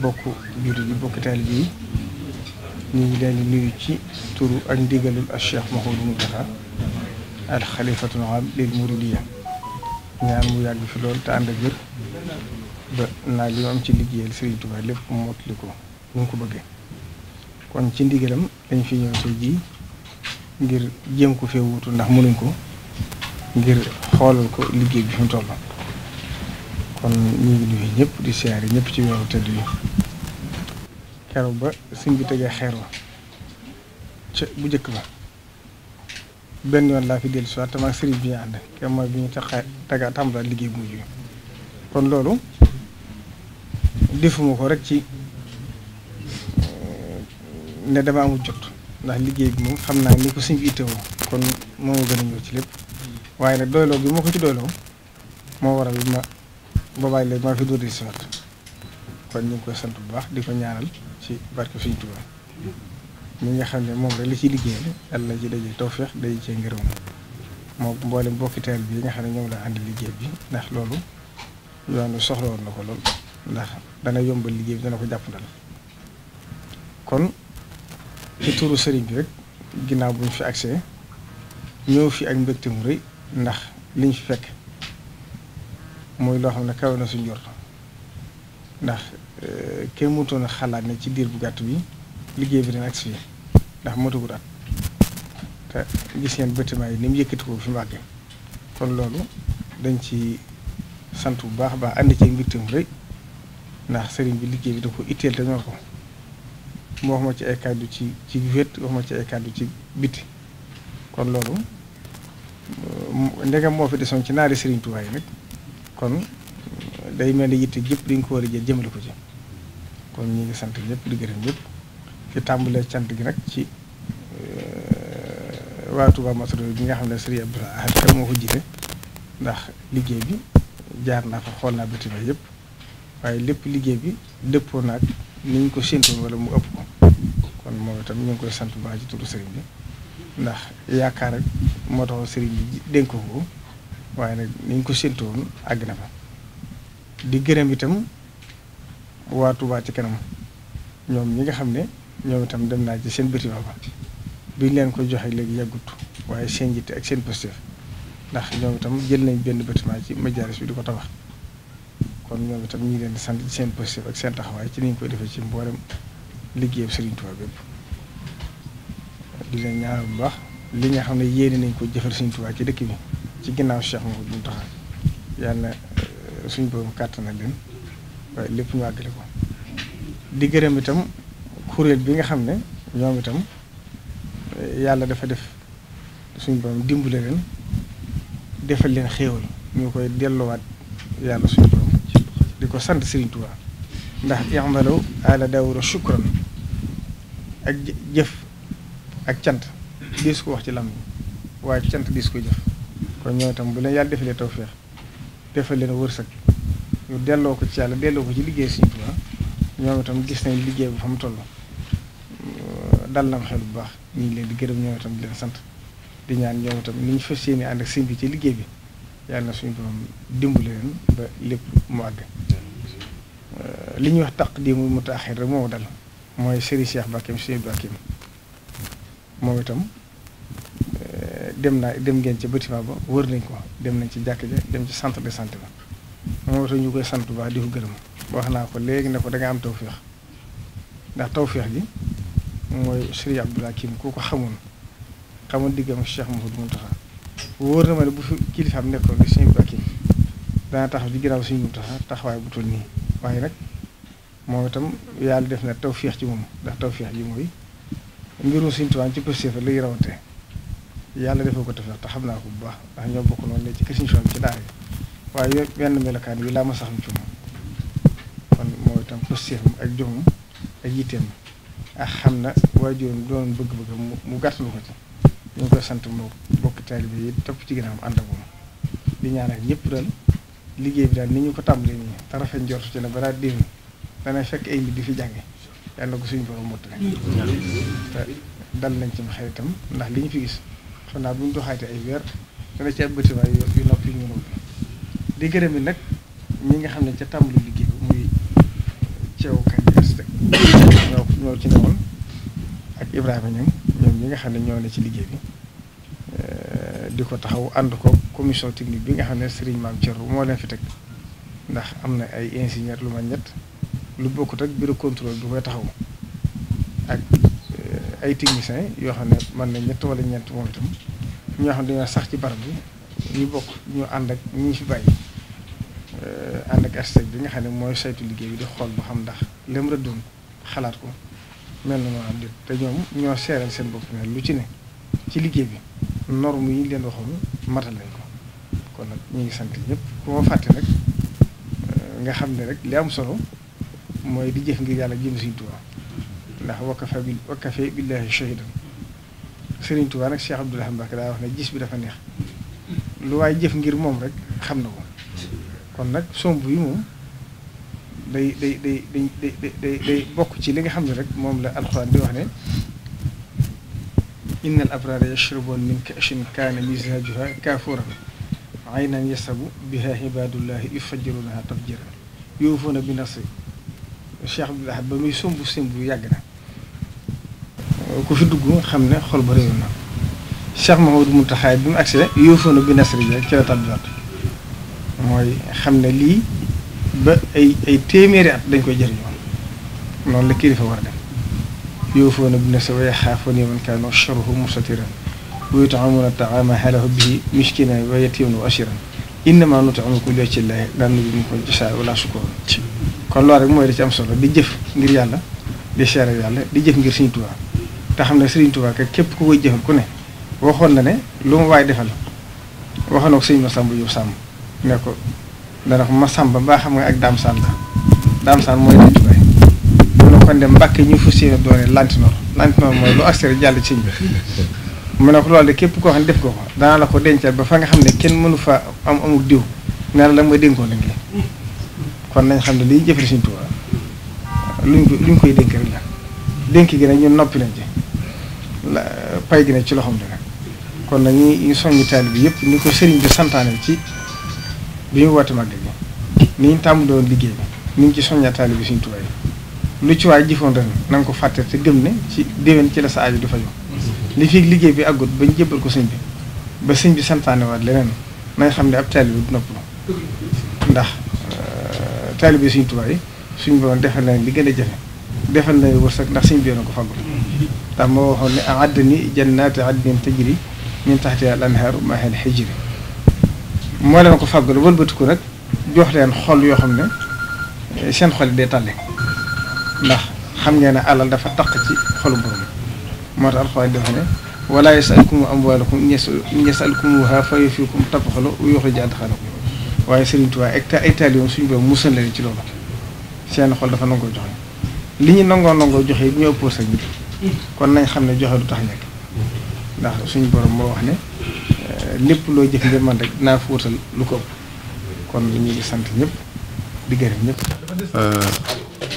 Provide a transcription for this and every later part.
bokk jullit yi bokk taalibe yi ñu ngi leen nuyu ci turu ak ndigalul al Cheikh Mouhamadou Mountakha al xalifatul aam lil muridiyya ñaan mu yàgg fi lool te ànd ak wér naa li mu am ci liggéeyal Sëriñ Tuubaa lépp mottali ko ñu ko bëggee kon ci ndigalam dañ fi ñëw tey jii ngir jéem ko fee wuutu ndax mënuñ ko ngir xoolal ko liggéey bi fi mu toll. kon ñu ngi nuyu ñëpp di siyaare ñëpp ci weeru tëdd yi keroog ba sëñ bi tegee xeer wa ca bu njëkk ba benn yoon laa fi dellu si waat te maag sëriñ bi ñu ànd kenn mooy bi liggéey bu mujj kon loolu defuma ko rek ci eh, ne dama amul jot ndax liggéey bi moom xam naa ni ko gën a ñëw ci lépp waaye nag doyloo bi moo ko ci doyloo moo waral ma. boobaay léegi maa fi dóor di si waat kon ñu ngi koy sant bu baax di ko ñaanal ci barke Sëriñ Tuubaa mi nga xam ne moom rek li ci liggéeyal yàlla ji daje feex day cee ngërëm moom mboolem bokki teel bi nga xam ne ñoom laa àndi liggéey bi ndax loolu yoonu soxla woon na ko lool ndax dana yombal liggéey bi dana ko jàppandal kon ci turu sëriñ bi rek ginnaaw buñ fi agsee ñëw fi ak mbégte rëy ndax liñ fi fekk. mooy loo xam ne kawe na suñ jor ndax euh, kenn mënutoon a xalaat ne ci diir bu gàtt bi liggéey bi dina agsi fii ndax motagul at te gis ngeen bâtiment yi ni mu yëkkati ko fi mu àgg kon loolu dañ ci sant bu baax baax indi ci mbégte mu rëy ndax sëriñ bi liggéey bi da ko itteel te ñor ko mu wax ma ci ay kàddu ci ci wét wax ma ci ay kàddu ci biti kon loolu euh, ndegam moo fi desoon ci naari sëriñ Tuubaa nag kon day mel ni yitte jëpp dañ ko war a jël jëmale ko ci kon ñu ngi sant ñëpp di gërëm ñëpp fi tàmbalee cant gi nag ci euh, waa Touba Masoro bi nga xam ne Serigne Abdoul Ahad Ka moo ko jiite ndax liggéey bi jaar naa fa xool naa bitim yëpp waaye lépp liggéey bi dëppoon naag ni ñu ko séntoon wala mu ëpp ko kon moom itam ñu ngi koy sant bu baax ci turu Serigne bi ndax yaakaar rek moo taxoon Serigne bi dénk ko. waaye nag niñ ko séntu woon àgg na fa di gërëm itam waa Touba ci kanam ñoom ñi nga xam ne ñoom itam dem naa ci seen bâtiment ba biñ leen ko joxee léegi yàggut waaye seen jitte ak seen positif ndax ñoom itam jël nañ benn bâtiment ci majaalis bi du ko tabax kon ñoom itam ñu ngi leen di sant ci seen positif ak seen taxawaay ci niñ koy defee ci mboolem liggéeyam Serigne Touba bépp di leen ñaanal bu baax li nga xam ne yéene nañ ko jëfal Serigne Touba ci dëkk bi. ci ginnaaw Cheikh Mouhamadou Mountakha yàlla na euh, suñ borom kàttan na leen waaye lépp ñu àggale ko di gërëm itam kuréel bi nga xam ne ñoom itam euh, yàlla dafa def suñ borom dimbale leen defal leen xéewal ñu koy delloowaat yàlla suñ borom di ko sant Serigne Touba ndax i'malu aala Daawuda shukran ak jëf ak cant diis ko wax ci lam waaye cant diis ko jëf kon ñoom itam bu leen yàlla defalee tawféex defal leen wërsëg ñu delloo ko ci yàlla delloo ko ci liggéey Sëriñ Tuubaa ñoom itam gis nañ liggéey bu fa mu toll dal na ma xel bu baax ñu ngi leen di gërëm ñoom itam di sant di ñaan ñoom itam ni ñu fas yéene ànd bi ci liggéey bi yàlla na suñu dimb dimbali leen ba lépp mu àgg euh, li ñuy wax taq di mu mu taaxir rek moo mooy Serigne Cheikh Bakim Cheikh moom itam. dem naa dem ngeen ci bâtiment ba wër nañ ko dem nañ ci jàkk ja dem ci centre de santé ba moo tax ñu koy sant bu di ko gërëm wax naa ko léegi ne ko da nga am tawféex ndax tawféex gi mooy Serigne Abdoul Hakim ku ko xamoon xamoon diggam Cheikh Mouhamadou Mountakha wóor ma ne bu fi kilifaam di Serigne Abdoul Hakim dana taxaw di ginnaaw Serigne Mountakha taxawaay bu nii waaye nag moom itam yàlla def na taw tawféex ci moom ndax taw tawféex ji mooy mbirum Serigne Touba ci pëstéefa lay rawatee yàlla defe ko tefeex te xam naa ko bu baax ndax ñoo bokk noonu ne ci kër Sëriñ ci daara yi waaye yooyu benn melokaan yi laa ma sax ci moom kon moo itam pëstéefam ak jomam ak xam na waajuram doon bëgg-bëgg mu gàttalu ko ci ñu koy sant moo bokk taalibe yi topp ci ginnaaw ànd ak moom di ñaan ak ñëpp daal liggéey bi daal ni ñu ko tàmbalee nii te rafet njortu ci ne balaa déwén dana fekk ay di fi jànge yàlla na ko suñu borom mottali te dal nañ ci xel itam ndax li ñu fi gis xam naa bu ñu doxaatee ay weer dana ci ab bâtiment yu nopp yu ñu mën di gërëm yi nag ñi nga xam ne ca tàmbali liggéey bi muy Thiaw Kandis rek ñoo ñoo ci newoon ak Ibrahima ñoom ñoom ñi nga xam ne ñoo ne ci liggéey bi euh, di ko taxaw ànd ko commission technique bi nga xam ne Serigne Mame Thierno moo leen fi teg ndax am na ay ingénieur lu ma ñett lu bokkut ak bureau contrôle bi koy taxaw ay techniciens yoo xam ne mën nañ ñett wala ñeent moom itam ñoo xam ne dañoo sax ci barab bi ñu bokk ñu ànd ak ñi fi bàyyi euh, ànd ak architecte bi nga xam ne mooy saytu liggéey bi di xool ba xam ndax lem rëddoon xalaat ko mel ñoom ñoo seeral seen bopp lu ci ne ci liggéey bi norme yi leen waxoon matal nañ ko kon nag ñu ngi sant ñëpp ku ma fàtte rek euh, nga xam ne rek li am solo mooy di jëf ngir yàlla jëm si Tuubaa الله وكفى بال... وكفى بالله شهيدا سيرين توبا نك شيخ عبد الرحمن بارك الله وحنا جيس بي دا فا نيه لو واي جيف غير موم رك خمنا كو كون نك سومب يي موم داي داي داي داي داي داي داي بوك سي ليغا خامني رك موم لا القران دي وحني إن الأبرار يشربون من كأش كان مزاجها كافورا عينا يسب بها عباد الله يفجرونها تفجيرا يوفون بنصر الشيخ عبد الوهاب بما يسم بسم بيغنا ku fi dugg xam ne xol ba réew na Cheikh Mahamadou Mountakha bi mu agsee yóofoona bi nasri ja ci la tàbbiwaat mooy xam ne lii ba ay ay téeméeri at dañ koy jëriñoo noonu la kilifa war a dem yóofoona bi nasri wa yaxaafoona yawman kaana sharruhu mustatiran wa yut'imuuna ta'aama ala hubbihi miskiinan wa yatiiman wa asiiran innamaa nut'imukum li wajhi llaahi laa nuriidu minkum jazaa'an wa laa shakuuran kon loolu rek mooy da ci am solo di jëf ngir yàlla di seere yàlla di jëf ngir Sëriñ Tuubaa te xam ne Serigne Touba kat képp ko koy jëfal ku ne waxoon na ne lu waaye waay defal waxoon na ko sëñ Massamba Diop Samb ne ko dana ko Massamba mbaa xam nga ak Dame Sane la Dame Sane mooy Serigne Touba mu ne kon de Mbàkke ñu fas yéene lu accès jàll ci sëñ ne ko loolu de képp koo xam ne def ko ko danaa la ko dencal ba fa nga xam ne kenn mënu fa am amul diw nee la mooy dénkoon lañ li kon nañ xam ne li ñu jëfal Serigne Touba luñ ko luñ koy dénk rek la dénk gi nag ñu noppi nañ ci la pay gi ne ci loxoom dina kon nag ñi ñu soññi taalib bi yëpp ni ko sëriñ bi santaane ci bi ñu woote màggal gi ni ñu tàmm doon liggéey bi ni ñu ci soñña taalib bi suñu tubaay lu ci waay jëfoon ren na ko fàtte te gëm ne ci déwén ci la sa aju du faju li fi liggéey bi àggut ba ñu jébbal ko sëñ bi ba sëñ bi santaane waat leneen na xam ne ab taalib bi nopp ndax euh, taalib bi suñu tubaay suñu borom defal leen li gën a jafe بيخل لي ورسك نحسين بيانو كفاقو تامو هون أعدني جنات عدن تجري من تحت الأنهار ما هي الحجر مولا كفاقو لبول بتكونك جوح لين خول يوخمنا سين خول دي تالي نح خمنا أنا ألا دفع تقتي خول بروم مرة الخوال دفعنا ولا يسألكم أموالكم إن يسألكموها فيفيكم تبخلو ويخرج أدخلو waaye sëriñ tuba ecta italien suñ bo musal la ci loolu seen li ñu nangoo nangoo joxe yi ñoo ëppoo sa ji kon nañ xam ne joxe du tax ñàkk ndax suñu borom moo wax ne euh, lépp loo jëf ngir rek naa fi wutal lu ko ëpp kon ñu ngi sant ñëpp di gërëm ñëpp. Euh,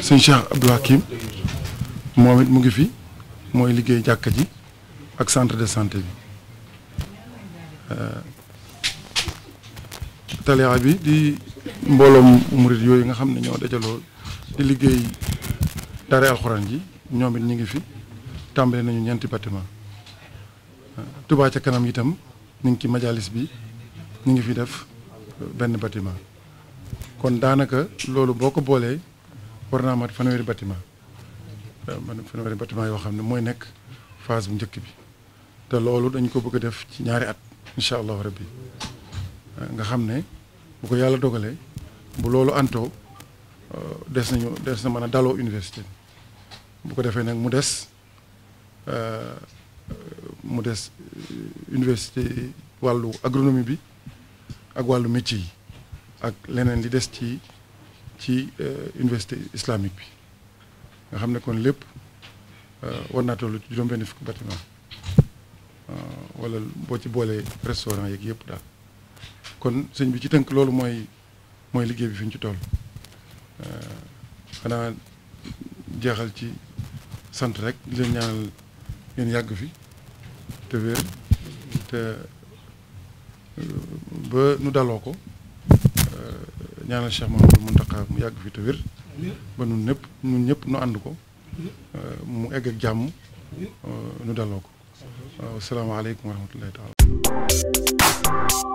sëñ Cheikh Abdou Hakim moom it mu ngi fi mooy liggéey jàkka ji ak centre de santé bi euh, taliyaa bi di mbooloom murit yooyu nga xam ne ñoo dajaloo di liggéey. daara alxuraan ji ñoom it ngi fi tambalé nañu ñenti bâtiment Touba ca kanam itam ñi ngi ci majalis bi ñi ngi fi def benn bâtiment kon danaka lolu boko bolé warna mat fanweri bâtiment man fanweri bâtiment yo xam moy nek phase bu ñëkk bi té lolu dañ ko bëgg def ci ñaari at inshallah rabbi nga xam bu ko yalla dogalé bu loolu antoo euh, des nañu des na mëna dalo université bu ko defee nag mu des euh, mu des euh, université wàllu agronomie bi ak wàllu métier yi ak leneen li des ci ci euh, université islamique bi nga xam ne kon lépp war naa toll juróom-benn fukki bâtiment wala boo ci boolee restaurant yeeg yëpp daal kon sëñ bi ci tënk loolu mooy mooy liggéey bi fi ñu ci toll xanaa jeexal ci sant rek di leen ñaanal ngeen yàgg fi te wér te euh, ba nu daloo ko euh, ñaanal Cheikh Mamadou Mountakha mu yàgg fi te wér ba nun ñëpp nun ñëpp nu ànd ko euh, mu egg ak jàmm nu daloo ko waaw salaamaaleykum wa rahmatullahi taala